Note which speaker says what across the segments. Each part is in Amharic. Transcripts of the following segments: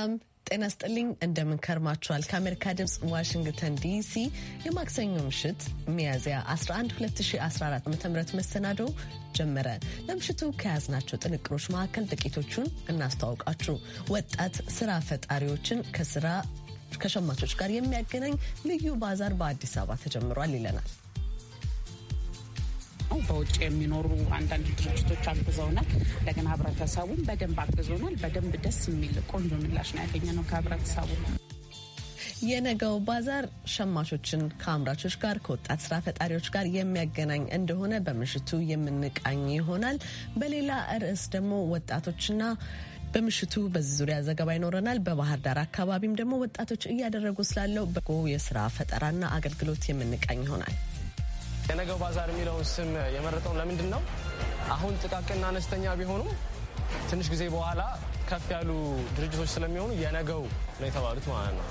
Speaker 1: ሰላም ጤና ስጥልኝ እንደምን ከርማችኋል። ከአሜሪካ ድምፅ ዋሽንግተን ዲሲ የማክሰኞ ምሽት ሚያዝያ 11 2014 ዓ.ም መሰናዶ ጀመረ። ለምሽቱ ከያዝናቸው ጥንቅሮች መካከል ጥቂቶቹን እናስተዋውቃችሁ። ወጣት ስራ ፈጣሪዎችን ከስራ ከሸማቾች ጋር የሚያገናኝ ልዩ ባዛር በአዲስ አበባ ተጀምሯል ይለናል።
Speaker 2: ነው። በውጭ የሚኖሩ አንዳንድ ድርጅቶች አግዘውናል። እንደገና ህብረተሰቡም በደንብ አግዞናል። በደንብ ደስ የሚል ቆንጆ ምላሽ ነው ያገኘ ነው ከህብረተሰቡ።
Speaker 1: የነገው ባዛር ሸማቾችን ከአምራቾች ጋር ከወጣት ስራ ፈጣሪዎች ጋር የሚያገናኝ እንደሆነ በምሽቱ የምንቃኝ ይሆናል። በሌላ ርዕስ ደግሞ ወጣቶችና በምሽቱ በዚህ ዙሪያ ዘገባ ይኖረናል። በባህር ዳር አካባቢም ደግሞ ወጣቶች እያደረጉ ስላለው በጎ የስራ ፈጠራና አገልግሎት የምንቃኝ ይሆናል።
Speaker 3: የነገው ባዛር የሚለውን ስም የመረጠው ለምንድን ነው? አሁን ጥቃቅንና አነስተኛ ቢሆኑም ትንሽ ጊዜ በኋላ ከፍ ያሉ ድርጅቶች ስለሚሆኑ የነገው ነው የተባሉት
Speaker 4: ማለት ነው።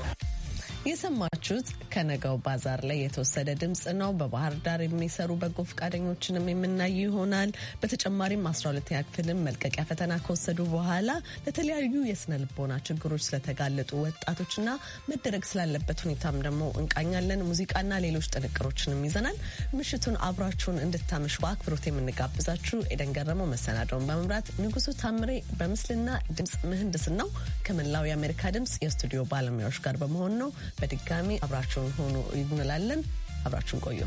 Speaker 1: የሰማችሁት ከነገው ባዛር ላይ የተወሰደ ድምፅ ነው። በባህር ዳር የሚሰሩ በጎ ፈቃደኞችንም የምናይ ይሆናል። በተጨማሪም አስራ ሁለተኛ ክፍልም መልቀቂያ ፈተና ከወሰዱ በኋላ ለተለያዩ የስነ ልቦና ችግሮች ስለተጋለጡ ወጣቶችና መደረግ ስላለበት ሁኔታም ደግሞ እንቃኛለን። ሙዚቃና ሌሎች ጥንቅሮችንም ይዘናል። ምሽቱን አብራችሁን እንድታመሽ በአክብሮት የምንጋብዛችሁ ኤደን ገረመው መሰናደውን በመምራት ንጉሱ ታምሬ በምስልና ድምፅ ምህንድስ ነው ከመላው የአሜሪካ ድምፅ የስቱዲዮ ባለሙያዎች ጋር በመሆን ነው። በድጋሚ አብራችሁን ሆኑ እንላለን። አብራችሁን ቆዩ።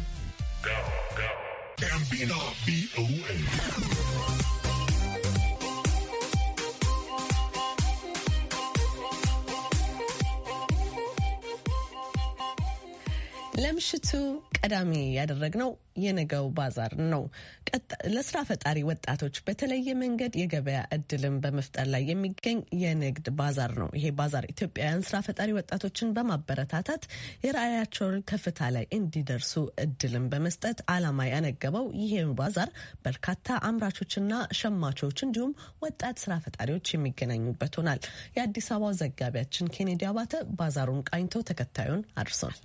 Speaker 1: ለምሽቱ ቀዳሚ ያደረግነው የነገው ባዛር ነው። ለስራ ፈጣሪ ወጣቶች በተለየ መንገድ የገበያ እድልን በመፍጠር ላይ የሚገኝ የንግድ ባዛር ነው። ይሄ ባዛር ኢትዮጵያውያን ስራ ፈጣሪ ወጣቶችን በማበረታታት የራዕያቸውን ከፍታ ላይ እንዲደርሱ እድልን በመስጠት አላማ ያነገበው ይሄ ባዛር በርካታ አምራቾችና ሸማቾች እንዲሁም ወጣት ስራ ፈጣሪዎች የሚገናኙበት ሆናል። የአዲስ አበባ ዘጋቢያችን ኬኔዲ አባተ ባዛሩን ቃኝተው ተከታዩን አድርሰዋል።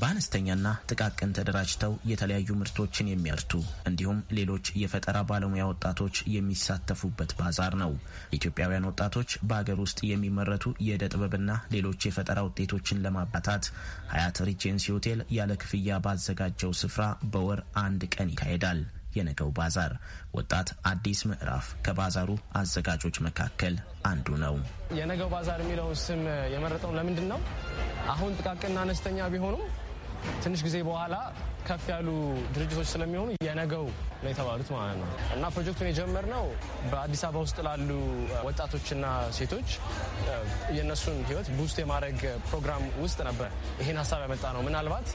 Speaker 5: በአነስተኛና ጥቃቅን ተደራጅተው የተለያዩ ምርቶችን የሚያርቱ እንዲሁም ሌሎች የፈጠራ ባለሙያ ወጣቶች የሚሳተፉበት ባዛር ነው። ኢትዮጵያውያን ወጣቶች በሀገር ውስጥ የሚመረቱ የእደ ጥበብና ሌሎች የፈጠራ ውጤቶችን ለማባታት ሀያት ሪጀንሲ ሆቴል ያለ ክፍያ ባዘጋጀው ስፍራ በወር አንድ ቀን ይካሄዳል። የነገው ባዛር ወጣት አዲስ ምዕራፍ ከባዛሩ አዘጋጆች መካከል አንዱ ነው።
Speaker 3: የነገው ባዛር የሚለውን ስም የመረጠው ለምንድን ነው? አሁን ጥቃቅንና አነስተኛ ቢሆኑም ትንሽ ጊዜ በኋላ ከፍ ያሉ ድርጅቶች ስለሚሆኑ የነገው ነው የተባሉት ማለት ነው። እና ፕሮጀክቱን የጀመርነው በአዲስ አበባ ውስጥ ላሉ ወጣቶችና ሴቶች የእነሱን ህይወት ቡስት የማድረግ ፕሮግራም ውስጥ ነበር ይህን ሀሳብ ያመጣ ነው። ምናልባት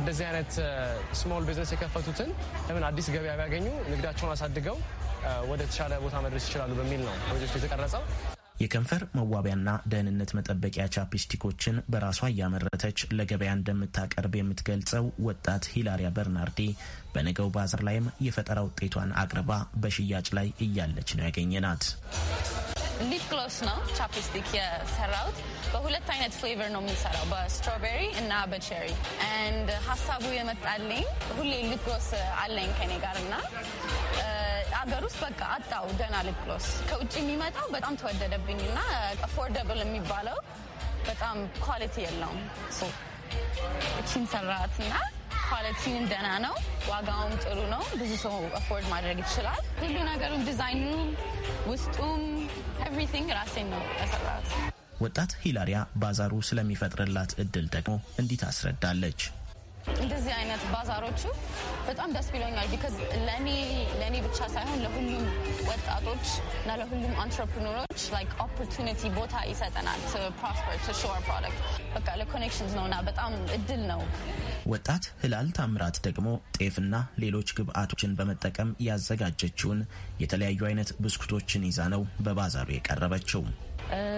Speaker 3: እንደዚህ አይነት ስሞል ቢዝነስ የከፈቱትን ለምን አዲስ ገበያ ቢያገኙ ንግዳቸውን አሳድገው ወደ ተሻለ ቦታ መድረስ ይችላሉ በሚል ነው ፕሮጀክቱ የተቀረጸው።
Speaker 5: የከንፈር መዋቢያና ደህንነት መጠበቂያ ቻፕስቲኮችን በራሷ እያመረተች ለገበያ እንደምታቀርብ የምትገልጸው ወጣት ሂላሪያ በርናርዲ በነገው ባዘር ላይም የፈጠራ ውጤቷን አቅርባ በሽያጭ ላይ እያለች ነው ያገኘናት።
Speaker 6: ሊፕ ነው ቻፕስቲክ የሰራሁት። በሁለት አይነት ፍሌቨር ነው የምንሰራው በስትሮቤሪ እና በቼሪ ሀሳቡ የመጣልኝ ሁሌ ሊፕሎስ አለኝ ከኔ ጋር እና ሀገር ውስጥ በቃ አጣው ደህና ልብ ከውጭ የሚመጣው በጣም ተወደደብኝ እና አፎርደብል የሚባለው በጣም ኳሊቲ የለውም። እቺን ሰራት እና ኳሊቲን ደህና ነው፣ ዋጋውም ጥሩ ነው። ብዙ ሰው አፎርድ ማድረግ ይችላል። ሁሉ ነገሩም ዲዛይኑ፣ ውስጡም ኤቭሪቲንግ ራሴን ነው ያሰራት።
Speaker 5: ወጣት ሂላሪያ ባዛሩ ስለሚፈጥርላት እድል ደግሞ እንዲት አስረዳለች
Speaker 6: እንደዚህ አይነት ባዛሮቹ በጣም ደስ ብሎኛል። ቢካዝ ለእኔ ብቻ ሳይሆን ለሁሉም ወጣቶች እና ለሁሉም አንትረፕኖሮች ላይክ ኦፖርቹኒቲ ቦታ ይሰጠናል። ፕሮስፐር ሾር ፕሮደክት በቃ ለኮኔክሽንስ ነው እና በጣም እድል ነው።
Speaker 5: ወጣት ህላል ታምራት ደግሞ ጤፍና ሌሎች ግብአቶችን በመጠቀም ያዘጋጀችውን የተለያዩ አይነት ብስኩቶችን ይዛ ነው በባዛሩ የቀረበችው።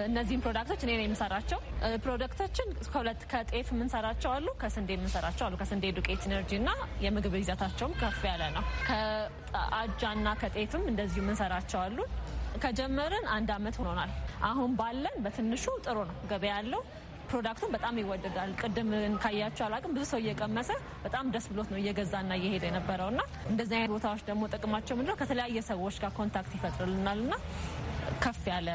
Speaker 7: እነዚህን ፕሮዳክቶች እኔ ነው የምሰራቸው። ፕሮዳክቶችን ከሁለት ከጤፍ የምንሰራቸው አሉ፣ ከስንዴ የምንሰራቸው አሉ። ከስንዴ ዱቄት ኢነርጂ እና የምግብ ይዘታቸውም ከፍ ያለ ነው። ከአጃና ከጤፍም እንደዚሁ የምንሰራቸው አሉ። ከጀመርን አንድ አመት ሆኖናል። አሁን ባለን በትንሹ ጥሩ ነው ገበያ ያለው ፕሮዳክቱን በጣም ይወደዳል። ቅድም ካያቸው አላቅም ብዙ ሰው እየቀመሰ በጣም ደስ ብሎት ነው እየገዛና እየሄደ የነበረው ና እንደዚህ አይነት ቦታዎች ደግሞ ጥቅማቸው ምንድነው ከተለያየ ሰዎች ጋር ኮንታክት ይፈጥርልናልና ከፍ ያለ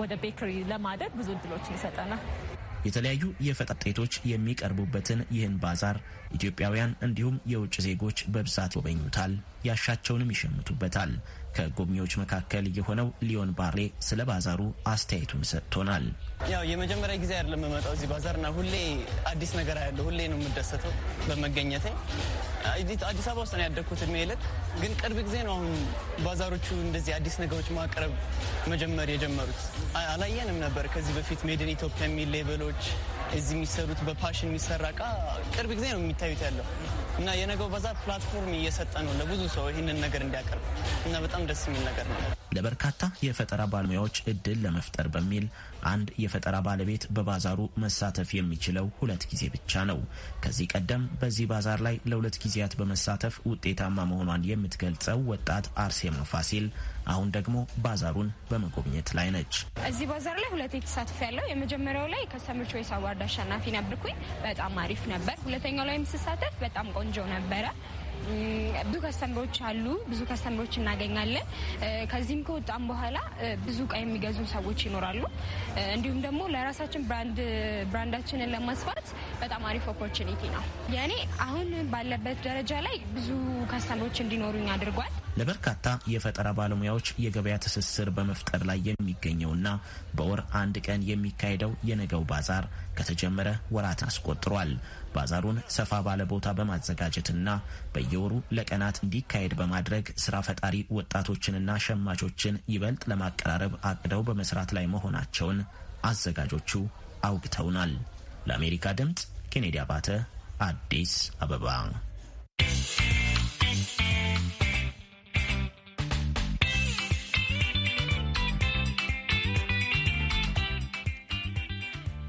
Speaker 7: ወደ ቤከሪ ለማደግ ብዙ እድሎችን ይሰጠናል።
Speaker 5: የተለያዩ የፈጠራ ውጤቶች የሚቀርቡበትን ይህን ባዛር ኢትዮጵያውያን እንዲሁም የውጭ ዜጎች በብዛት ይጎበኙታል፣ ያሻቸውንም ይሸምቱበታል። ከጎብኚዎች መካከል የሆነው ሊዮን ባሬ ስለ ባዛሩ አስተያየቱን ሰጥቶናል። ያው የመጀመሪያ ጊዜ አይደለም የምመጣው እዚህ ባዛርና ሁሌ አዲስ ነገር ያለው ሁሌ ነው የምደሰተው በመገኘቴ። አዲስ አበባ ውስጥ ነው ያደግኩት እድሜ ልክ ግን ቅርብ ጊዜ ነው አሁን ባዛሮቹ እንደዚህ አዲስ ነገሮች ማቅረብ መጀመር የጀመሩት። አላየንም ነበር ከዚህ በፊት ሜድን ኢትዮጵያ የሚል ሌበሎች እዚህ የሚሰሩት በፓሽን የሚሰራ እቃ ቅርብ ጊዜ ነው የሚታዩት ያለው እና የነገው በዛ ፕላትፎርም እየሰጠ ነው ለብዙ ሰው ይህንን ነገር እንዲያቀርብ እና
Speaker 1: በጣም ደስ የሚል ነገር ነው።
Speaker 5: ለበርካታ የፈጠራ ባለሙያዎች እድል ለመፍጠር በሚል አንድ የፈጠራ ባለቤት በባዛሩ መሳተፍ የሚችለው ሁለት ጊዜ ብቻ ነው። ከዚህ ቀደም በዚህ ባዛር ላይ ለሁለት ጊዜያት በመሳተፍ ውጤታማ መሆኗን የምትገልጸው ወጣት አርሴማ ፋሲል አሁን ደግሞ ባዛሩን በመጎብኘት ላይ ነች።
Speaker 8: እዚህ ባዛር ላይ ሁለት የተሳትፍ ያለው የመጀመሪያው ላይ ከሰምር ቾይስ አዋርድ አሸናፊ ነበርኩኝ። በጣም አሪፍ ነበር። ሁለተኛው ላይ የምስሳተፍ በጣም ቆንጆ ነበረ። ብዙ ከስተምሮች አሉ። ብዙ ከስተምሮች እናገኛለን። ከዚህም ከወጣም በኋላ ብዙ እቃ የሚገዙ ሰዎች ይኖራሉ። እንዲሁም ደግሞ ለራሳችን ብራንዳችንን ለማስፋት በጣም አሪፍ ኦፖርቹኒቲ ነው። የእኔ አሁን ባለበት ደረጃ ላይ ብዙ ከስተምሮች እንዲኖሩኝ አድርጓል።
Speaker 5: ለበርካታ የፈጠራ ባለሙያዎች የገበያ ትስስር በመፍጠር ላይ የሚገኘውና በወር አንድ ቀን የሚካሄደው የነገው ባዛር ከተጀመረ ወራት አስቆጥሯል። ባዛሩን ሰፋ ባለ ቦታ በማዘጋጀትና በየወሩ ለቀናት እንዲካሄድ በማድረግ ስራ ፈጣሪ ወጣቶችንና ሸማቾችን ይበልጥ ለማቀራረብ አቅደው በመስራት ላይ መሆናቸውን አዘጋጆቹ አውግተውናል። ለአሜሪካ ድምፅ ኬኔዲ አባተ አዲስ አበባ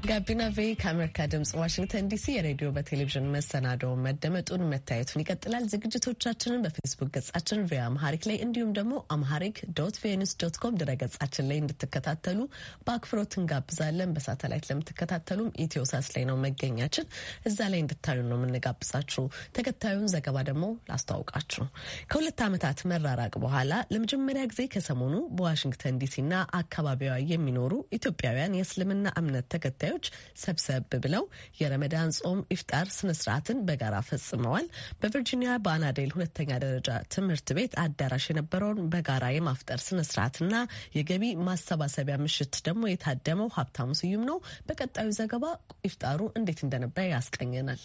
Speaker 1: ጋቢና ቬ ከአሜሪካ ድምጽ ዋሽንግተን ዲሲ የሬዲዮ በቴሌቪዥን መሰናደው መደመጡን መታየቱን ይቀጥላል። ዝግጅቶቻችንን በፌስቡክ ገጻችን ቪ አምሃሪክ ላይ እንዲሁም ደግሞ አምሃሪክ ዶት ቪኦኤ ዶት ኮም ድረ ገጻችን ላይ እንድትከታተሉ በአክብሮት እንጋብዛለን። በሳተላይት ለምትከታተሉም ኢትዮሳስ ላይ ነው መገኛችን፣ እዛ ላይ እንድታዩ ነው የምንጋብዛችሁ። ተከታዩን ዘገባ ደግሞ ላስተዋውቃችሁ። ከሁለት ዓመታት መራራቅ በኋላ ለመጀመሪያ ጊዜ ከሰሞኑ በዋሽንግተን ዲሲና አካባቢዋ የሚኖሩ ኢትዮጵያውያን የእስልምና እምነት ተከታዩ ተወካዮች ሰብሰብ ብለው የረመዳን ጾም ኢፍጣር ስነስርዓትን በጋራ ፈጽመዋል። በቨርጂኒያ በአናዴል ሁለተኛ ደረጃ ትምህርት ቤት አዳራሽ የነበረውን በጋራ የማፍጠር ስነስርዓትና የገቢ ማሰባሰቢያ ምሽት ደግሞ የታደመው ሀብታሙ ስዩም ነው። በቀጣዩ ዘገባ ኢፍጣሩ እንዴት እንደነበረ ያስቀኘናል።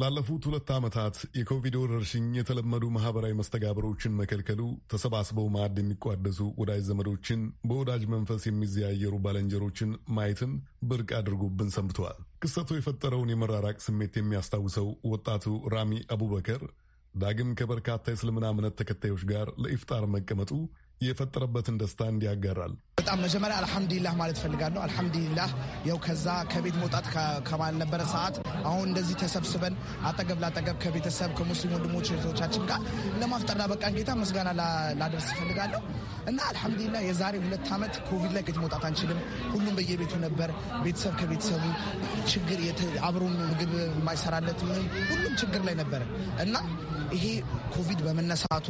Speaker 9: ላለፉት ሁለት ዓመታት የኮቪድ ወረርሽኝ የተለመዱ ማህበራዊ መስተጋብሮችን መከልከሉ ተሰባስበው ማዕድ የሚቋደሱ ወዳጅ ዘመዶችን በወዳጅ መንፈስ የሚዘያየሩ ባለንጀሮችን ማየትን ብርቅ አድርጎብን ሰንብተዋል። ክስተቱ የፈጠረውን የመራራቅ ስሜት የሚያስታውሰው ወጣቱ ራሚ አቡበከር ዳግም ከበርካታ የእስልምና እምነት ተከታዮች ጋር ለኢፍጣር መቀመጡ የፈጠረበትን ደስታ እንዲያገራል።
Speaker 10: በጣም መጀመሪያ አልሐምዱሊላህ ማለት ፈልጋለሁ አልሐምዱሊላህ ያው ከዛ ከቤት መውጣት ከማልነበረ ሰዓት አሁን እንደዚህ ተሰብስበን አጠገብ ላጠገብ ከቤተሰብ ከሙስሊም ወንድሞች እህቶቻችን ጋር ለማፍጠር ላበቃን ጌታ ምስጋና ላደርስ እፈልጋለሁ እና አልሐምዱሊላህ የዛሬ ሁለት ዓመት ኮቪድ ላይ ከቤት መውጣት አንችልም። ሁሉም በየቤቱ ነበር። ቤተሰብ ከቤተሰቡ ችግር አብሮ ምግብ የማይሰራለት ሁሉም ችግር ላይ ነበር እና ይሄ ኮቪድ በመነሳቱ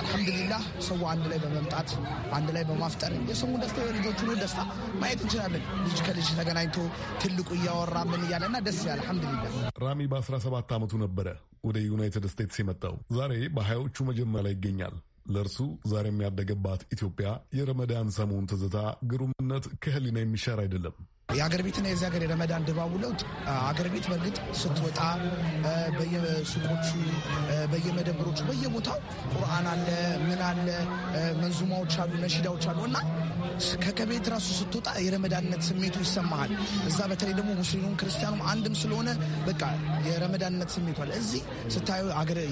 Speaker 10: አልሐምዱሊላህ ሰው አንድ ላይ በመምጣት በማምጣት አንድ ላይ በማፍጠር የሰሙ ደስታ የልጆቹ ደስታ ማየት እንችላለን። ልጅ ከልጅ ተገናኝቶ ትልቁ እያወራ ምን እያለና ደስ ያለ አልሐምዱሊላህ።
Speaker 9: ራሚ በ17 ዓመቱ ነበረ ወደ ዩናይትድ ስቴትስ የመጣው ዛሬ በሀያዎቹ መጀመሪያ ላይ ይገኛል። ለእርሱ ዛሬ የሚያደገባት ኢትዮጵያ የረመዳን ሰሞን ትዝታ ግሩምነት ከህሊና የሚሻር አይደለም። የአገር ቤትና የዚህ ሀገር የረመዳን ድባቡ ለውጥ አገር ቤት በእርግጥ ስትወጣ
Speaker 10: በየሱቆቹ፣ በየመደብሮቹ፣ በየቦታው ቁርአን አለ፣ ምን አለ፣ መንዙማዎች አሉ፣ ነሺዳዎች አሉ እና ከከቤት ራሱ ስትወጣ የረመዳንነት ስሜቱ ይሰማሃል። እዛ በተለይ ደግሞ ሙስሊሙም ክርስቲያኑም አንድም ስለሆነ በቃ የረመዳንነት ስሜቱ አለ። እዚህ ስታዩ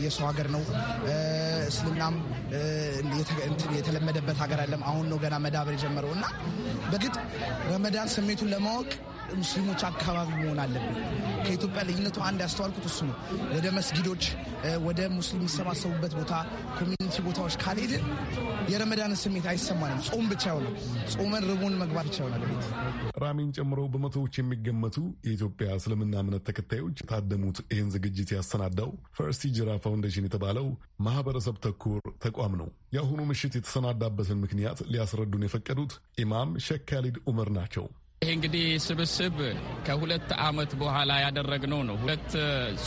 Speaker 10: የሰው ሀገር ነው። እስልምናም የተለመደበት ሀገር አለም። አሁን ነው ገና መዳበር የጀመረው እና በግጥ ረመዳን ስሜቱን ለማወቅ ሙስሊሞች አካባቢ መሆን አለብን። ከኢትዮጵያ ልዩነቱ አንድ ያስተዋልኩት እሱ ነው። ወደ መስጊዶች፣ ወደ ሙስሊም የሚሰባሰቡበት ቦታ፣ ኮሚኒቲ ቦታዎች ካልሄድን የረመዳንን ስሜት አይሰማንም። ጾም ብቻ ይሆናል። ጾመን ርቦን መግባት ብቻ ይሆናል።
Speaker 9: ቤት ራሚን ጨምሮ በመቶዎች የሚገመቱ የኢትዮጵያ እስልምና እምነት ተከታዮች የታደሙት ይህን ዝግጅት ያሰናዳው ፈርስቲ ጅራ ፋውንዴሽን የተባለው ማህበረሰብ ተኮር ተቋም ነው። የአሁኑ ምሽት የተሰናዳበትን ምክንያት ሊያስረዱን የፈቀዱት ኢማም ሼክ ካሊድ ዑመር ናቸው።
Speaker 4: ይህ እንግዲህ ስብስብ ከሁለት ዓመት በኋላ ያደረግነው ነው። ሁለት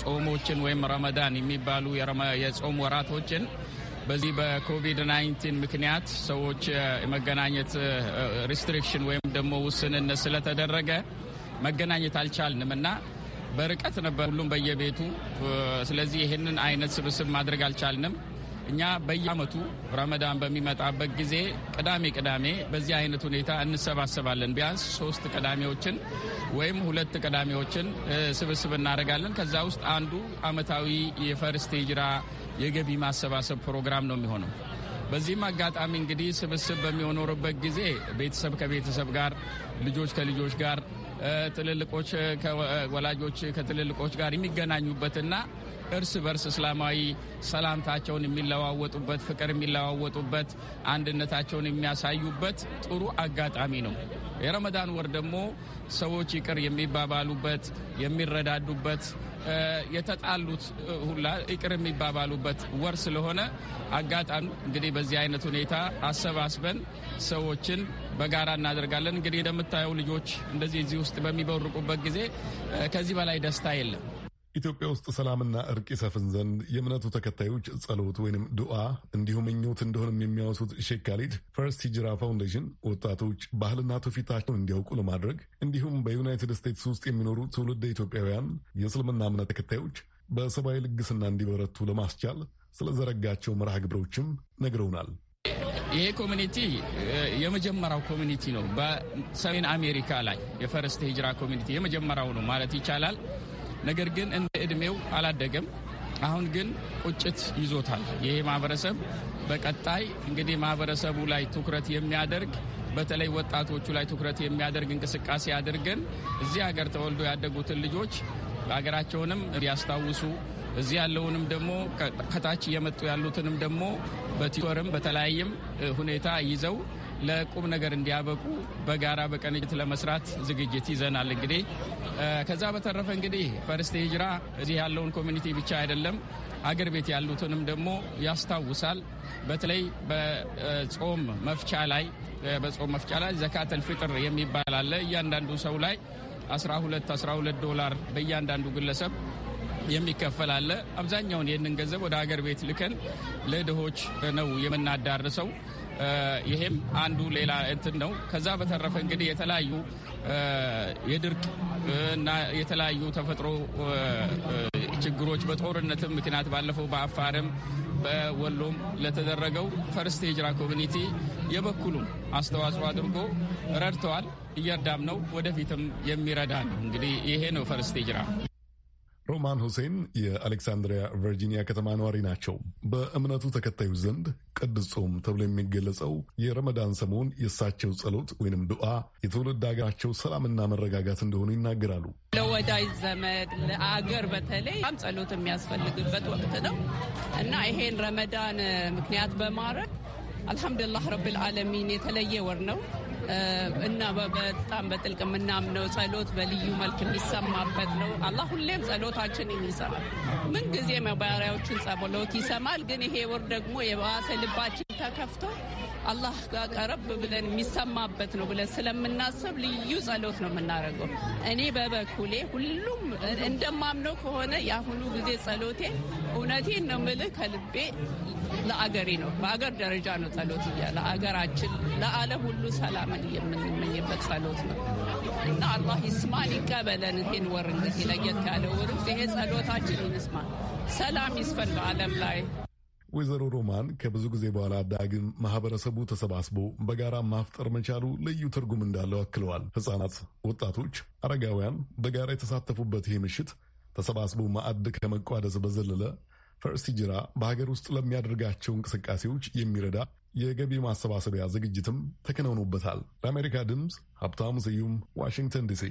Speaker 4: ጾሞችን ወይም ረመዳን የሚባሉ የጾም ወራቶችን በዚህ በኮቪድ-19 ምክንያት ሰዎች የመገናኘት ሪስትሪክሽን ወይም ደግሞ ውስንነት ስለተደረገ መገናኘት አልቻልንም እና በርቀት ነበር ሁሉም በየቤቱ። ስለዚህ ይህንን አይነት ስብስብ ማድረግ አልቻልንም። እኛ በየአመቱ ረመዳን በሚመጣበት ጊዜ ቅዳሜ ቅዳሜ በዚህ አይነት ሁኔታ እንሰባሰባለን። ቢያንስ ሶስት ቅዳሜዎችን ወይም ሁለት ቅዳሜዎችን ስብስብ እናደርጋለን። ከዛ ውስጥ አንዱ አመታዊ የፈርስት ሂጅራ የገቢ ማሰባሰብ ፕሮግራም ነው የሚሆነው። በዚህም አጋጣሚ እንግዲህ ስብስብ በሚኖርበት ጊዜ ቤተሰብ ከቤተሰብ ጋር፣ ልጆች ከልጆች ጋር፣ ትልልቆች ከወላጆች ከትልልቆች ጋር የሚገናኙበትና እርስ በርስ እስላማዊ ሰላምታቸውን የሚለዋወጡበት፣ ፍቅር የሚለዋወጡበት፣ አንድነታቸውን የሚያሳዩበት ጥሩ አጋጣሚ ነው። የረመዳን ወር ደግሞ ሰዎች ይቅር የሚባባሉበት፣ የሚረዳዱበት የተጣሉት ሁላ ይቅር የሚባባሉበት ወር ስለሆነ አጋጣሚ እንግዲህ በዚህ አይነት ሁኔታ አሰባስበን ሰዎችን በጋራ እናደርጋለን። እንግዲህ እንደምታየው ልጆች እንደዚህ እዚህ ውስጥ በሚበርቁበት ጊዜ ከዚህ በላይ ደስታ የለም።
Speaker 9: ኢትዮጵያ ውስጥ ሰላምና እርቅ ይሰፍን ዘንድ የእምነቱ ተከታዮች ጸሎት ወይንም ዱዓ እንዲሁ ምኞት እንደሆነም የሚያወሱት ሼክ ካሊድ ፈርስት ሂጅራ ፋውንዴሽን ወጣቶች ባህልና ትውፊታቸውን እንዲያውቁ ለማድረግ እንዲሁም በዩናይትድ ስቴትስ ውስጥ የሚኖሩ ትውልደ ኢትዮጵያውያን የእስልምና እምነት ተከታዮች በሰብአዊ ልግስና እንዲበረቱ ለማስቻል ስለዘረጋቸው መርሃ ግብሮችም ነግረውናል።
Speaker 4: ይሄ ኮሚኒቲ የመጀመሪያው ኮሚኒቲ ነው። በሰሜን አሜሪካ ላይ የፈርስት ሂጅራ ኮሚኒቲ የመጀመሪያው ነው ማለት ይቻላል። ነገር ግን እንደ እድሜው አላደገም። አሁን ግን ቁጭት ይዞታል። ይህ ማህበረሰብ በቀጣይ እንግዲህ ማህበረሰቡ ላይ ትኩረት የሚያደርግ በተለይ ወጣቶቹ ላይ ትኩረት የሚያደርግ እንቅስቃሴ አድርገን እዚህ ሀገር ተወልዶ ያደጉትን ልጆች ሀገራቸውንም እንዲያስታውሱ እዚህ ያለውንም ደግሞ ከታች እየመጡ ያሉትንም ደግሞ በቲቶርም በተለያየም ሁኔታ ይዘው ለቁም ነገር እንዲያበቁ በጋራ በቀንት ለመስራት ዝግጅት ይዘናል። እንግዲህ ከዛ በተረፈ እንግዲህ ፈርስት ሂጅራ እዚህ ያለውን ኮሚኒቲ ብቻ አይደለም አገር ቤት ያሉትንም ደግሞ ያስታውሳል። በተለይ በጾም መፍቻ ላይ በጾም መፍቻ ላይ ዘካተል ፍጥር የሚባል አለ። እያንዳንዱ ሰው ላይ 12 12 ዶላር በእያንዳንዱ ግለሰብ የሚከፈል አለ። አብዛኛውን ይህንን ገንዘብ ወደ አገር ቤት ልከን ለድሆች ነው የምናዳርሰው። ይሄም አንዱ ሌላ እንትን ነው። ከዛ በተረፈ እንግዲህ የተለያዩ የድርቅ እና የተለያዩ ተፈጥሮ ችግሮች በጦርነትም ምክንያት ባለፈው በአፋርም በወሎም ለተደረገው ፈርስት ሂጅራ ኮሚኒቲ የበኩሉም አስተዋጽኦ አድርጎ ረድተዋል። እየርዳም ነው፣ ወደፊትም የሚረዳ ነው። እንግዲህ ይሄ ነው ፈርስት ጅራ።
Speaker 9: ሮማን ሁሴን የአሌክሳንድሪያ ቨርጂኒያ ከተማ ነዋሪ ናቸው። በእምነቱ ተከታዩ ዘንድ ቅዱስ ጾም ተብሎ የሚገለጸው የረመዳን ሰሞን የእሳቸው ጸሎት ወይንም ዱዓ የትውልድ ሀገራቸው ሰላምና መረጋጋት እንደሆኑ ይናገራሉ።
Speaker 2: ለወዳጅ ዘመድ፣ ለአገር በተለይ ም ጸሎት የሚያስፈልግበት ወቅት ነው እና ይሄን ረመዳን ምክንያት በማድረግ አልሐምዱላህ ረብልዓለሚን የተለየ ወር ነው እና በጣም በጥልቅ የምናምነው ጸሎት በልዩ መልክ የሚሰማበት ነው። አላህ ሁሌም ጸሎታችን ይሰማል። ምን ጊዜ መባሪያዎችን ጸሎት ይሰማል። ግን ይሄ ወር ደግሞ የባሰ ልባችን ተከፍቶ አላህ ጋር ቀረብ ብለን የሚሰማበት ነው ብለን ስለምናስብ ልዩ ጸሎት ነው የምናደርገው። እኔ በበኩሌ ሁሉም እንደማምነው ከሆነ የአሁኑ ጊዜ ጸሎቴ እውነቴን ነው ምልህ ከልቤ ለአገሬ ነው። በአገር ደረጃ ነው ጸሎት እያ ለአገራችን ለዓለም ሁሉ ሰላም እንዲሰማን የምንመኝበት ጸሎት ነው እና አላህ ይስማን ይቀበለን። ይህን ወር እንግዲህ ለየት ያለ ወር ይሄ ጸሎታችን ይስማ፣ ሰላም ይስፈን በዓለም ላይ።
Speaker 9: ወይዘሮ ሮማን ከብዙ ጊዜ በኋላ ዳግም ማህበረሰቡ ተሰባስቦ በጋራ ማፍጠር መቻሉ ልዩ ትርጉም እንዳለው አክለዋል። ሕጻናት፣ ወጣቶች፣ አረጋውያን በጋራ የተሳተፉበት ይህ ምሽት ተሰባስቦ ማዕድ ከመቋደስ በዘለለ ፈርስቲ ጅራ በሀገር ውስጥ ለሚያደርጋቸው እንቅስቃሴዎች የሚረዳ የገቢ ማሰባሰቢያ ዝግጅትም ተከናውኖበታል። ለአሜሪካ ድምፅ ሀብታሙ ስዩም ዋሽንግተን ዲሲ።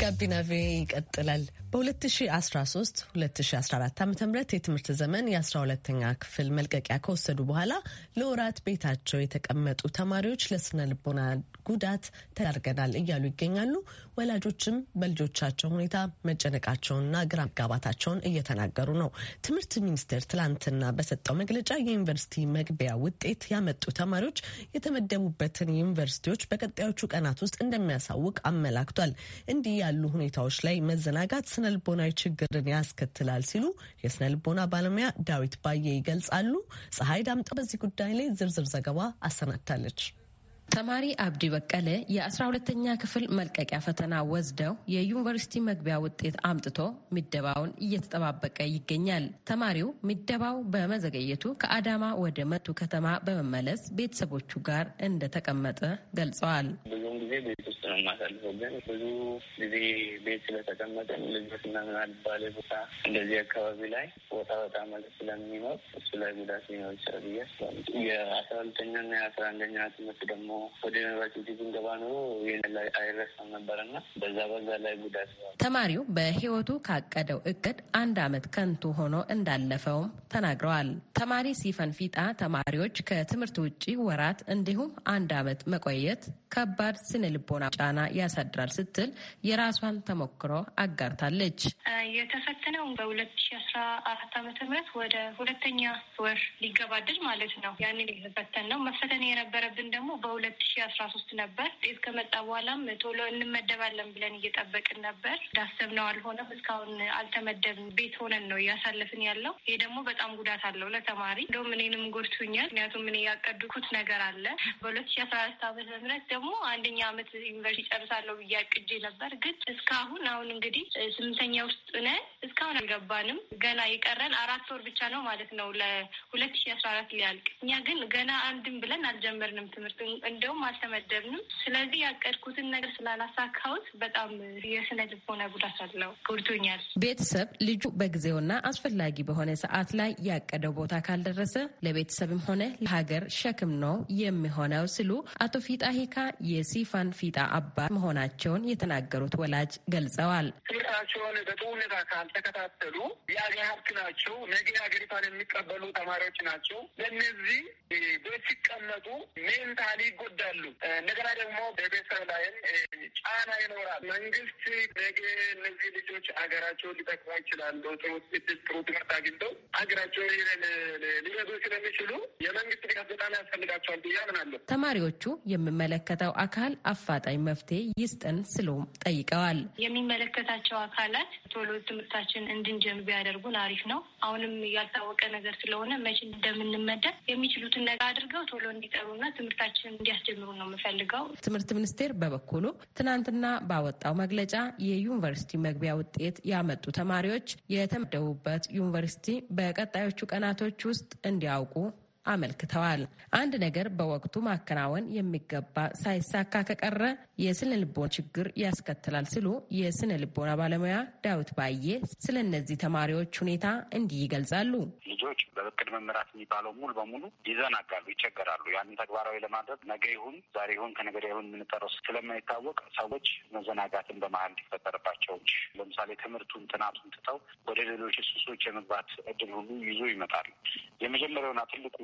Speaker 1: ጋቢና ቪ ይቀጥላል። በ2013 2014 ዓ ም የትምህርት ዘመን የ12ተኛ ክፍል መልቀቂያ ከወሰዱ በኋላ ለወራት ቤታቸው የተቀመጡ ተማሪዎች ለስነ ልቦና ጉዳት ተዳርገናል እያሉ ይገኛሉ። ወላጆችም በልጆቻቸው ሁኔታ መጨነቃቸውንና ግራ መጋባታቸውን እየተናገሩ ነው። ትምህርት ሚኒስቴር ትላንትና በሰጠው መግለጫ የዩኒቨርሲቲ መግቢያ ውጤት ያመጡ ተማሪዎች የተመደቡበትን ዩኒቨርሲቲዎች በቀጣዮቹ ቀናት ውስጥ እንደሚያሳውቅ አመላክቷል። እንዲህ ያሉ ሁኔታዎች ላይ መዘናጋት ልቦናዊ ችግርን ያስከትላል ሲሉ የስነ ልቦና ባለሙያ ዳዊት ባየ ይገልጻሉ። ፀሐይ ዳምጠ በዚህ ጉዳይ ላይ ዝርዝር ዘገባ አሰናድታለች።
Speaker 7: ተማሪ አብዲ በቀለ የ12ተኛ ክፍል መልቀቂያ ፈተና ወስደው የዩኒቨርሲቲ መግቢያ ውጤት አምጥቶ ምደባውን እየተጠባበቀ ይገኛል። ተማሪው ምደባው በመዘገየቱ ከአዳማ ወደ መቱ ከተማ በመመለስ ቤተሰቦቹ ጋር እንደተቀመጠ ገልጸዋል።
Speaker 11: ጊዜ ቤት ውስጥ ነው የማሳልፈው። ግን ብዙ ጊዜ ቤት ስለተቀመጠን ልጆች ምናምን ባለ ቦታ እንደዚህ አካባቢ ላይ ቦታ በጣም ማለት ስለሚኖር እሱ ላይ ጉዳት ሊኖር ይችላል ብዬ አስባለሁ። የአስራ ሁለተኛና የአስራ አንደኛ ትምህርት ደግሞ ወደ ዩኒቨርሲቲ ብንገባ ኑሮ ይህን ላይ አይረሳም ነበርና በዛ በዛ ላይ ጉዳት
Speaker 7: ተማሪው በህይወቱ ካቀደው እቅድ አንድ አመት ከንቱ ሆኖ እንዳለፈውም ተናግረዋል። ተማሪ ሲፈን ፊጣ ተማሪዎች ከትምህርት ውጭ ወራት እንዲሁም አንድ አመት መቆየት ከባድ የስነ ልቦና ጫና ያሳድራል ስትል የራሷን ተሞክሮ አጋርታለች።
Speaker 11: የተፈተነው በሁለት ሺ አስራ አራት አመተ ምህረት ወደ ሁለተኛ ወር ሊገባደድ ማለት ነው። ያንን የተፈተን ነው መፈተን የነበረብን ደግሞ በሁለት ሺ አስራ ሶስት ነበር። ውጤት ከመጣ በኋላም ቶሎ እንመደባለን ብለን እየጠበቅን ነበር። እንዳሰብነው አልሆነም። እስካሁን አልተመደብን። ቤት ሆነን ነው እያሳለፍን ያለው። ይሄ ደግሞ በጣም ጉዳት አለው ለተማሪ እንደውም እኔንም ጎድቶኛል። ምክንያቱም እኔ ያቀድኩት ነገር አለ በሁለት ሺ አስራ አራት አመተ ምህረት ደግሞ አንደኛ አመት ዩኒቨርሲቲ ጨርሳለሁ ብዬ አቅጄ ነበር። ግን እስካሁን አሁን እንግዲህ ስምንተኛ ውስጥ ነ እስካሁን አልገባንም። ገና የቀረን አራት ወር ብቻ ነው ማለት ነው ለሁለት ሺ አስራ አራት ሊያልቅ። እኛ ግን ገና አንድም ብለን አልጀመርንም ትምህርት፣ እንደውም አልተመደብንም። ስለዚህ ያቀድኩትን ነገር ስላላሳካሁት በጣም የስነ ልቦና ጉዳት አለው ጎድቶኛል።
Speaker 7: ቤተሰብ ልጁ በጊዜውና አስፈላጊ በሆነ ሰዓት ላይ ያቀደው ቦታ ካልደረሰ ለቤተሰብም ሆነ ለሀገር ሸክም ነው የሚሆነው ሲሉ አቶ ፊጣሂካ የሲፋ አፋን ፊጣ አባ መሆናቸውን የተናገሩት ወላጅ ገልጸዋል።
Speaker 3: ትምህርታቸውን ሁኔታ ካልተከታተሉ የአገር ሀብት ናቸው፣ ነገ ሀገሪቷን የሚቀበሉ ተማሪዎች ናቸው። ለእነዚህ ቤት ሲቀመጡ ሜንታሊ ይጎዳሉ። እንደገና ደግሞ በቤተሰብ ላይም ጫና ይኖራል። መንግስት ነገ እነዚህ ልጆች ሀገራቸውን ሊጠቅሙ ይችላሉ፣ ጥሩ ጥሩ ትምህርት አግኝተው ሀገራቸውን ሊገዙ ስለሚችሉ የመንግስት ድጋፍ
Speaker 11: በጣም ያስፈልጋቸዋል ብዬ አምናለሁ።
Speaker 7: ተማሪዎቹ የሚመለከተው አካል አፋጣኝ መፍትሄ ይስጠን ስሎም ጠይቀዋል።
Speaker 11: የሚመለከታቸው አካላት ቶሎ ትምህርታችን እንድንጀም ቢያደርጉን አሪፍ ነው። አሁንም ያልታወቀ ነገር ስለሆነ መቼ እንደምንመደብ የሚችሉትን ነገር አድርገው ቶሎ እንዲጠሩና ትምህርታችን እንዲያስጀምሩ ነው የምፈልገው።
Speaker 7: ትምህርት ሚኒስቴር በበኩሉ ትናንትና ባወጣው መግለጫ የዩኒቨርሲቲ መግቢያ ውጤት ያመጡ ተማሪዎች የተመደቡበት ዩኒቨርሲቲ በቀጣዮቹ ቀናቶች ውስጥ እንዲያውቁ አመልክተዋል። አንድ ነገር በወቅቱ ማከናወን የሚገባ ሳይሳካ ከቀረ የስነ ልቦና ችግር ያስከትላል ሲሉ የስነ ልቦና ባለሙያ ዳዊት ባዬ ስለ እነዚህ ተማሪዎች ሁኔታ እንዲህ ይገልጻሉ።
Speaker 3: ልጆች በእቅድ መምራት የሚባለው ሙሉ በሙሉ ይዘናጋሉ፣ ይቸገራሉ። ያንን ተግባራዊ ለማድረግ ነገ ይሁን ዛሬ ይሁን ከነገ ይሁን የምንጠረው ስለማይታወቅ ሰዎች መዘናጋትን በመሀል እንዲፈጠርባቸው ለምሳሌ ትምህርቱን ጥናቱን ትተው ወደ ሌሎች ሱሶች የመግባት እድል ሁሉ ይዞ ይመጣሉ። የመጀመሪያውና ትልቁ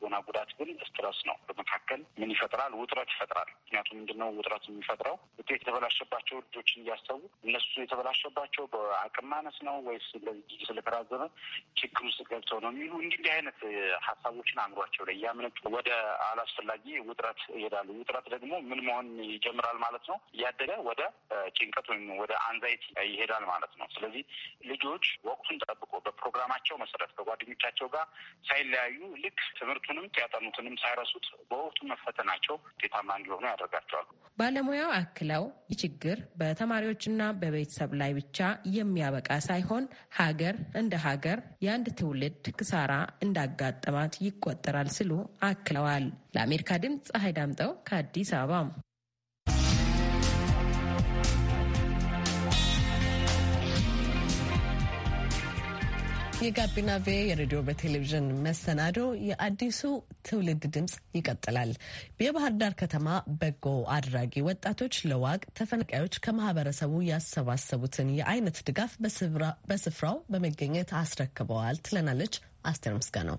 Speaker 3: ቦና ጉዳት ግን ስትረስ ነው። በመካከል ምን ይፈጥራል? ውጥረት ይፈጥራል። ምክንያቱም ምንድነው ውጥረት የሚፈጥረው? ውጤት የተበላሸባቸው ልጆችን እያሰቡ እነሱ የተበላሸባቸው በአቅም ማነስ ነው ወይስ ለዚህ ጊዜ ስለተራዘመ ችግር ውስጥ ገብተው ነው የሚሉ እንዲህ አይነት ሀሳቦችን አእምሯቸው ላይ ያምነጩ ወደ አላስፈላጊ ውጥረት ይሄዳሉ። ውጥረት ደግሞ ምን መሆን ይጀምራል ማለት ነው። እያደገ ወደ ጭንቀት ወይም ወደ አንዛይቲ ይሄዳል ማለት ነው። ስለዚህ ልጆች ወቅቱን ጠብቆ በፕሮግራማቸው መሰረት ከጓደኞቻቸው ጋር ሳይለያዩ ልክ ትምህርቱንም ያጠኑትንም
Speaker 11: ሳይረሱት በወቅቱ መፈተናቸው ውጤታማ እንዲሆኑ ያደርጋቸዋል።
Speaker 7: ባለሙያው አክለው ይህ ችግር በተማሪዎችና በቤተሰብ ላይ ብቻ የሚያበቃ ሳይሆን ሀገር እንደ ሀገር የአንድ ትውልድ ክሳራ እንዳጋጠማት ይቆጠራል ሲሉ አክለዋል። ለአሜሪካ ድምፅ ፀሐይ ዳምጠው ከአዲስ አበባ
Speaker 1: የጋቢና ቬ የሬዲዮ በቴሌቪዥን መሰናዶ የአዲሱ ትውልድ ድምፅ ይቀጥላል። የባህር ዳር ከተማ በጎ አድራጊ ወጣቶች ለዋግ ተፈናቃዮች ከማህበረሰቡ ያሰባሰቡትን የአይነት ድጋፍ በስፍራው በመገኘት አስረክበዋል ትለናለች አስቴር ነው።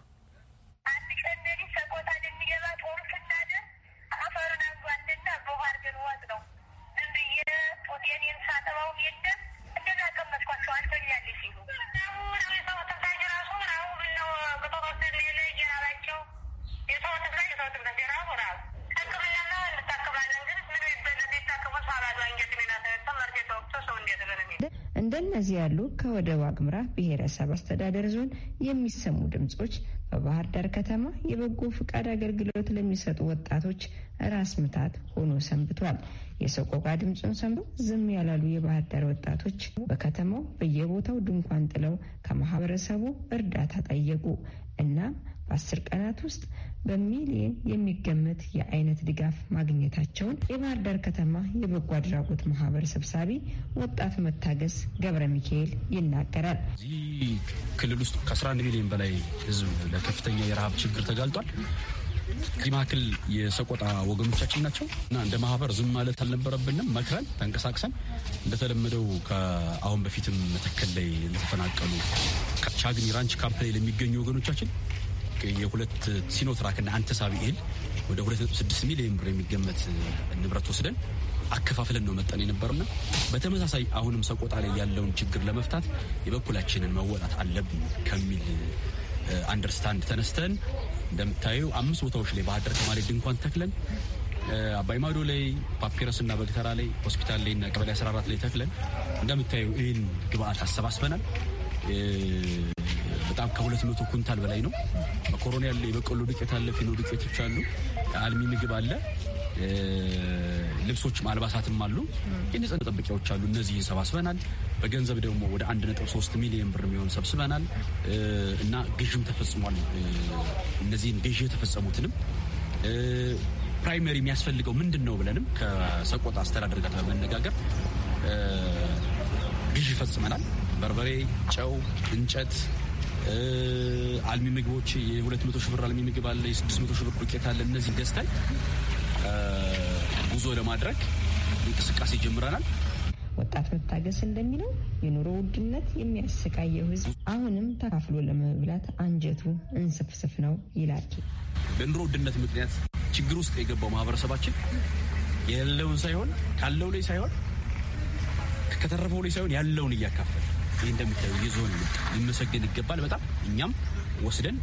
Speaker 8: እንደነዚህ ያሉ ከወደ ዋግምራ ብሔረሰብ አስተዳደር ዞን የሚሰሙ ድምጾች በባህር ዳር ከተማ የበጎ ፍቃድ አገልግሎት ለሚሰጡ ወጣቶች ራስ ምታት ሆኖ ሰንብቷል። የሰቆቃ ድምፁን ሰምተው ዝም ያላሉ የባህር ዳር ወጣቶች በከተማው በየቦታው ድንኳን ጥለው ከማህበረሰቡ እርዳታ ጠየቁ። እናም በአስር ቀናት ውስጥ በሚሊየን የሚገመት የአይነት ድጋፍ ማግኘታቸውን የባህር ዳር ከተማ የበጎ አድራጎት ማህበር ሰብሳቢ ወጣት መታገስ ገብረ ሚካኤል ይናገራል።
Speaker 3: እዚህ ክልል ውስጥ ከ11 ሚሊዮን በላይ ህዝብ ለከፍተኛ የረሃብ ችግር ተጋልጧል። ከዚህ መካከል የሰቆጣ ወገኖቻችን ናቸው እና እንደ ማህበር ዝም ማለት አልነበረብንም። መክረን ተንቀሳቅሰን እንደተለመደው ከአሁን በፊትም መተከል ላይ ለተፈናቀሉ ቻግኒ ራንች ካምፕ ላይ ለሚገኙ ወገኖቻችን የሁለት ሲኖትራክና አንተሳቢ ኤል ወደ 26 ሚሊዮን ብር የሚገመት ንብረት ወስደን አከፋፍለን ነው መጠን የነበርና በተመሳሳይ አሁንም ሰቆጣ ላይ ያለውን ችግር ለመፍታት የበኩላችንን መወጣት አለብን ከሚል አንደርስታንድ uh, ተነስተን እንደምታየው አምስት ቦታዎች ላይ ዳር ተማሪ ድንኳን ተክለን uh, አባይ ማዶ ላይ ፓፒረስ እና በግተራ ላይ ሆስፒታል ላይ እና ቀበሌ 14 ላይ ተክለን እንደምታየው ይህን ግብአት አሰባስበናል። uh, በጣም ከሁለት መቶ ኩንታል በላይ ነው። መኮሮኒ ያለ፣ የበቆሎ ዱቄት አለ፣ ፊኖ ዱቄቶች አሉ፣ አልሚ ምግብ አለ፣ ልብሶችም አልባሳትም አሉ፣ የንጽህና መጠበቂያዎች አሉ። እነዚህን ሰባስበናል። በገንዘብ ደግሞ ወደ 1.3 ሚሊዮን ብር የሚሆን ሰብስበናል እና ግዥም ተፈጽሟል። እነዚህን ግዥ የተፈጸሙትንም ፕራይመሪ የሚያስፈልገው ምንድን ነው ብለንም ከሰቆጣ አስተዳደር ጋር በመነጋገር ግዥ ይፈጽመናል። በርበሬ፣ ጨው፣ እንጨት አልሚ ምግቦች የሁለት መቶ ሽብር አልሚ ምግብ አለ፣ የስድስት መቶ ሽብር ዱቄት አለ። እነዚህ ገዝተን ጉዞ ለማድረግ እንቅስቃሴ ጀምረናል።
Speaker 8: ወጣት መታገስ እንደሚለው የኑሮ ውድነት የሚያሰቃየው ሕዝብ አሁንም ተካፍሎ ለመብላት አንጀቱ እንስፍስፍ ነው ይላል።
Speaker 3: በኑሮ ውድነት ምክንያት ችግር ውስጥ የገባው ማህበረሰባችን የሌለውን ሳይሆን ካለው ላይ ሳይሆን ከተረፈው ላይ ሳይሆን ያለውን እያካፈል ይህ እንደሚታየው የዞን ልቅ ሊመሰገን ይገባል። በጣም እኛም ወስደን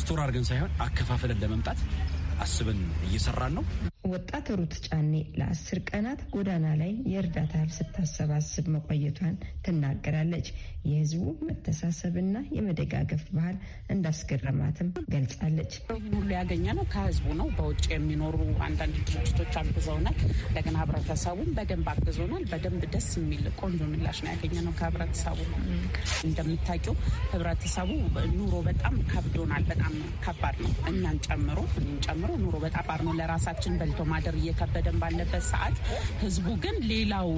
Speaker 3: ስቶር አድርገን ሳይሆን አከፋፈለን ለመምጣት አስበን እየሰራን ነው።
Speaker 8: ወጣት ሩት ጫኔ ለአስር ቀናት ጎዳና ላይ የእርዳታ እህል ስታሰባስብ መቆየቷን ትናገራለች። የህዝቡ መተሳሰብና የመደጋገፍ ባህል እንዳስገረማትም ገልጻለች።
Speaker 2: ሁሉ ያገኘ ነው ከህዝቡ ነው። በውጭ የሚኖሩ አንዳንድ ድርጅቶች አግዘውናል። እንደገና ህብረተሰቡም በደንብ አግዞናል። በደንብ ደስ የሚል ቆንጆ ምላሽ ነው ያገኘ ነው ከህብረተሰቡ። እንደምታውቂው ህብረተሰቡ ኑሮ በጣም ከብዶናል። በጣም ከባድ ነው። እኛን ጨምሮ ጨምሮ ኑሮ በጣም ባር ነው ለራሳችን በል በልቶ ማደር እየከበደን ባለበት ሰዓት ህዝቡ ግን ሌላው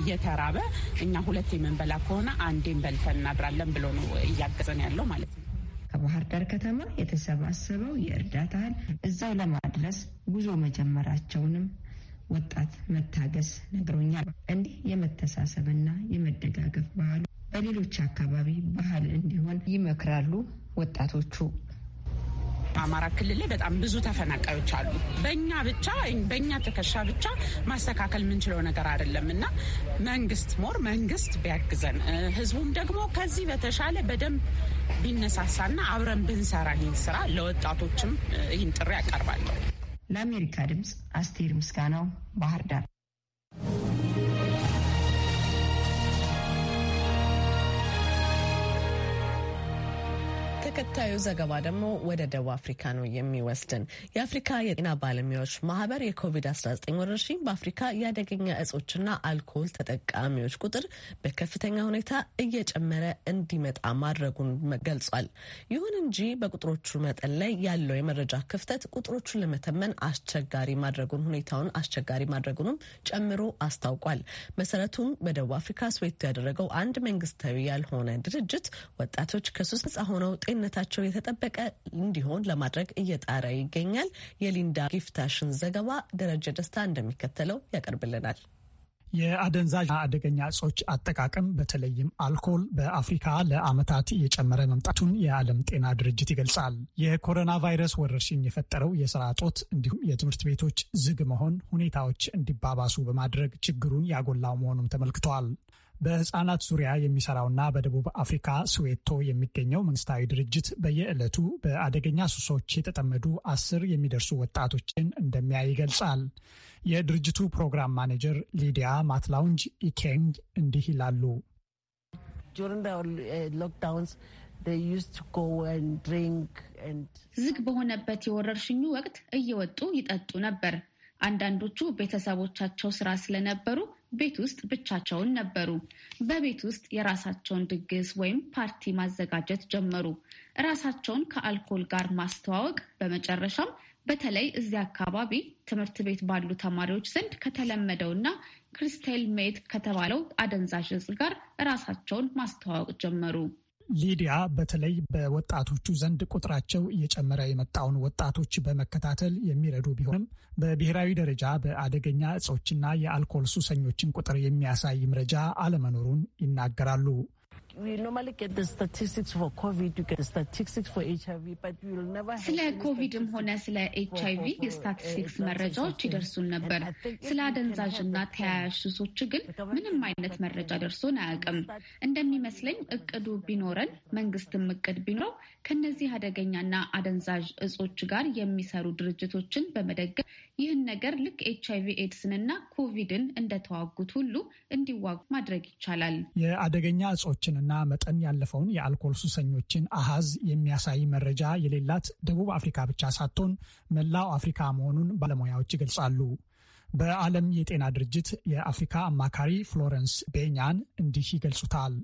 Speaker 2: እየተራበ እኛ ሁለት የምንበላ ከሆነ አንዴን በልተን እናድራለን ብሎ ነው እያገዘን ያለው ማለት ነው።
Speaker 8: ከባህር ዳር ከተማ የተሰባሰበው የእርዳታ እህል እዛው ለማድረስ ጉዞ መጀመራቸውንም ወጣት መታገስ ነግሮኛል። እንዲህ የመተሳሰብና የመደጋገፍ ባህሉ በሌሎች አካባቢ ባህል እንዲሆን ይመክራሉ ወጣቶቹ።
Speaker 2: አማራ ክልል ላይ በጣም ብዙ ተፈናቃዮች አሉ። በእኛ ብቻ በእኛ ትከሻ ብቻ ማስተካከል የምንችለው ነገር አይደለም እና መንግስት ሞር መንግስት ቢያግዘን፣ ህዝቡም ደግሞ ከዚህ በተሻለ በደንብ ቢነሳሳና አብረን ብንሰራ ይህን ስራ ለወጣቶችም ይህን ጥሪ ያቀርባለሁ።
Speaker 8: ለአሜሪካ ድምፅ አስቴር ምስጋናው ባህር ዳር
Speaker 1: ተከታዩ ዘገባ ደግሞ ወደ ደቡብ አፍሪካ ነው የሚወስድን። የአፍሪካ የጤና ባለሙያዎች ማህበር የኮቪድ-19 ወረርሽኝ በአፍሪካ የአደገኛ እጾችና አልኮል ተጠቃሚዎች ቁጥር በከፍተኛ ሁኔታ እየጨመረ እንዲመጣ ማድረጉን ገልጿል። ይሁን እንጂ በቁጥሮቹ መጠን ላይ ያለው የመረጃ ክፍተት ቁጥሮቹን ለመተመን አስቸጋሪ ማድረጉን ሁኔታውን አስቸጋሪ ማድረጉንም ጨምሮ አስታውቋል። መሰረቱም በደቡብ አፍሪካ ስዌቶ ያደረገው አንድ መንግስታዊ ያልሆነ ድርጅት ወጣቶች ከሱስ ነጻ ሆነው ጤና ደህንነታቸው የተጠበቀ እንዲሆን ለማድረግ እየጣረ ይገኛል። የሊንዳ ጊፍታሽን ዘገባ ደረጀ ደስታ እንደሚከተለው ያቀርብልናል።
Speaker 12: የአደንዛዥ አደገኛ እጾች አጠቃቀም በተለይም አልኮል በአፍሪካ ለዓመታት እየጨመረ መምጣቱን የዓለም ጤና ድርጅት ይገልጻል። የኮሮና ቫይረስ ወረርሽኝ የፈጠረው የስራ እጦት እንዲሁም የትምህርት ቤቶች ዝግ መሆን ሁኔታዎች እንዲባባሱ በማድረግ ችግሩን ያጎላው መሆኑም ተመልክተዋል። በህጻናት ዙሪያ የሚሰራውና በደቡብ አፍሪካ ስዌቶ የሚገኘው መንግስታዊ ድርጅት በየዕለቱ በአደገኛ ሱሶች የተጠመዱ አስር የሚደርሱ ወጣቶችን እንደሚያይ ይገልጻል። የድርጅቱ ፕሮግራም ማኔጀር ሊዲያ ማትላውንጅ ኢኬንግ እንዲህ ይላሉ።
Speaker 6: uh, ዝግ በሆነበት የወረርሽኙ ወቅት እየወጡ ይጠጡ ነበር። አንዳንዶቹ ቤተሰቦቻቸው ስራ ስለነበሩ ቤት ውስጥ ብቻቸውን ነበሩ። በቤት ውስጥ የራሳቸውን ድግስ ወይም ፓርቲ ማዘጋጀት ጀመሩ። ራሳቸውን ከአልኮል ጋር ማስተዋወቅ፣ በመጨረሻም በተለይ እዚህ አካባቢ ትምህርት ቤት ባሉ ተማሪዎች ዘንድ ከተለመደውና ክሪስቴል ሜት ከተባለው አደንዛዥ እጽ ጋር ራሳቸውን ማስተዋወቅ ጀመሩ።
Speaker 12: ሊዲያ በተለይ በወጣቶቹ ዘንድ ቁጥራቸው እየጨመረ የመጣውን ወጣቶች በመከታተል የሚረዱ ቢሆንም በብሔራዊ ደረጃ በአደገኛ እጾችና የአልኮል ሱሰኞችን ቁጥር የሚያሳይ መረጃ አለመኖሩን ይናገራሉ።
Speaker 6: ስለ ኮቪድም ሆነ ስለ ኤች አይቪ የስታቲስቲክስ መረጃዎች ይደርሱን ነበር። ስለ አደንዛዥና ተያያዥ ሱሶች ግን ምንም አይነት መረጃ ደርሶን አያውቅም። እንደሚመስለኝ እቅዱ ቢኖረን መንግስትም እቅድ ቢኖረው ከነዚህ አደገኛና አደንዛዥ እጾች ጋር የሚሰሩ ድርጅቶችን በመደገፍ ይህን ነገር ልክ ኤች አይቪ ኤድስንና ኮቪድን እንደተዋጉት ሁሉ እንዲዋጉ ማድረግ ይቻላል።
Speaker 12: የአደገኛ እጾችን እና መጠን ያለፈውን የአልኮል ሱሰኞችን አሃዝ የሚያሳይ መረጃ የሌላት ደቡብ አፍሪካ ብቻ ሳትሆን መላው አፍሪካ መሆኑን ባለሙያዎች ይገልጻሉ። በዓለም የጤና ድርጅት የአፍሪካ አማካሪ ፍሎረንስ ቤኛን እንዲህ ይገልጹታል።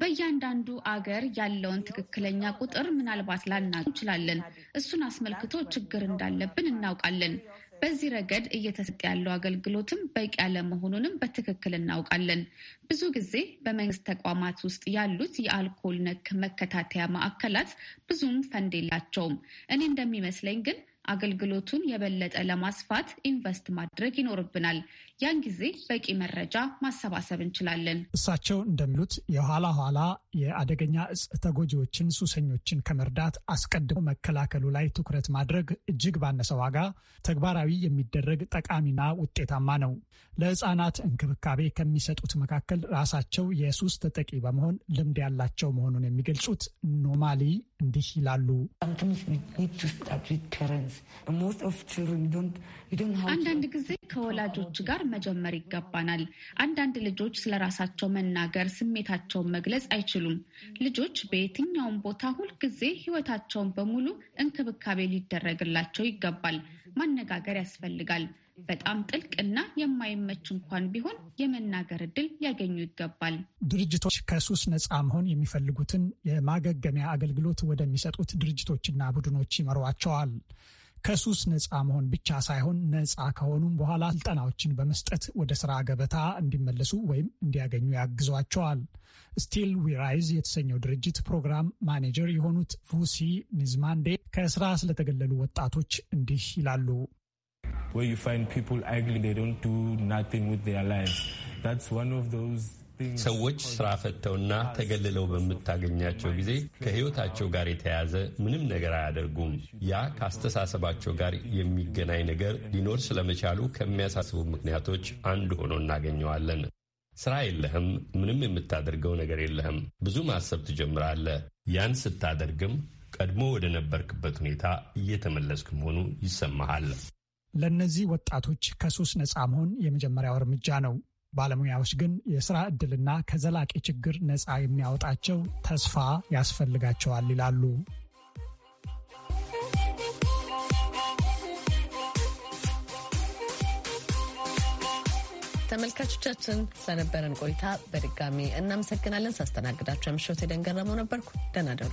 Speaker 6: በእያንዳንዱ አገር ያለውን ትክክለኛ ቁጥር ምናልባት ላናውቅ እንችላለን። እሱን አስመልክቶ ችግር እንዳለብን እናውቃለን። በዚህ ረገድ እየተሰጠ ያለው አገልግሎትም በቂ ያለመሆኑንም በትክክል እናውቃለን። ብዙ ጊዜ በመንግስት ተቋማት ውስጥ ያሉት የአልኮል ነክ መከታተያ ማዕከላት ብዙም ፈንድ የላቸውም። እኔ እንደሚመስለኝ ግን አገልግሎቱን የበለጠ ለማስፋት ኢንቨስት ማድረግ ይኖርብናል። ያን ጊዜ በቂ መረጃ ማሰባሰብ
Speaker 12: እንችላለን። እሳቸው እንደሚሉት የኋላ ኋላ የአደገኛ እጽ ተጎጂዎችን፣ ሱሰኞችን ከመርዳት አስቀድሞ መከላከሉ ላይ ትኩረት ማድረግ እጅግ ባነሰ ዋጋ ተግባራዊ የሚደረግ ጠቃሚና ውጤታማ ነው። ለህፃናት እንክብካቤ ከሚሰጡት መካከል ራሳቸው የሱስ ተጠቂ በመሆን ልምድ ያላቸው መሆኑን የሚገልጹት ኖማሊ እንዲህ ይላሉ።
Speaker 6: አንዳንድ ጊዜ ከወላጆች ጋር መጀመር ይገባናል። አንዳንድ ልጆች ስለ ራሳቸው መናገር፣ ስሜታቸውን መግለጽ አይችሉም። ልጆች በየትኛውም ቦታ ሁልጊዜ ህይወታቸውን በሙሉ እንክብካቤ ሊደረግላቸው ይገባል። ማነጋገር ያስፈልጋል። በጣም ጥልቅ እና የማይመች እንኳን ቢሆን የመናገር እድል
Speaker 12: ያገኙ ይገባል። ድርጅቶች ከሱስ ነፃ መሆን የሚፈልጉትን የማገገሚያ አገልግሎት ወደሚሰጡት ድርጅቶችና ቡድኖች ይመሯቸዋል። ከሱስ ነፃ መሆን ብቻ ሳይሆን ነፃ ከሆኑም በኋላ ስልጠናዎችን በመስጠት ወደ ስራ ገበታ እንዲመለሱ ወይም እንዲያገኙ ያግዟቸዋል። ስቲል ዊራይዝ የተሰኘው ድርጅት ፕሮግራም ማኔጀር የሆኑት ፉሲ ኒዝማንዴ ከስራ ስለተገለሉ ወጣቶች እንዲህ ይላሉ።
Speaker 4: where you find people idle, they don't do nothing with their lives. That's one of those ሰዎች ስራ ፈተውና ተገልለው በምታገኛቸው ጊዜ ከህይወታቸው ጋር የተያያዘ ምንም ነገር አያደርጉም። ያ ከአስተሳሰባቸው ጋር የሚገናኝ ነገር ሊኖር ስለመቻሉ ከሚያሳስቡ ምክንያቶች አንዱ ሆኖ እናገኘዋለን። ስራ የለህም፣ ምንም የምታደርገው ነገር የለህም። ብዙ ማሰብ ትጀምራለህ። ያን ስታደርግም ቀድሞ ወደ ነበርክበት ሁኔታ እየተመለስክ መሆኑ ይሰማሃል።
Speaker 12: ለእነዚህ ወጣቶች ከሱስ ነፃ መሆን የመጀመሪያው እርምጃ ነው። ባለሙያዎች ግን የስራ እድልና ከዘላቂ ችግር ነፃ የሚያወጣቸው ተስፋ ያስፈልጋቸዋል ይላሉ።
Speaker 1: ተመልካቾቻችን ስለነበረን ቆይታ በድጋሚ እናመሰግናለን። ሳስተናግዳቸው ምሽት የደንገረመው ነበርኩ። ደህና ደሩ።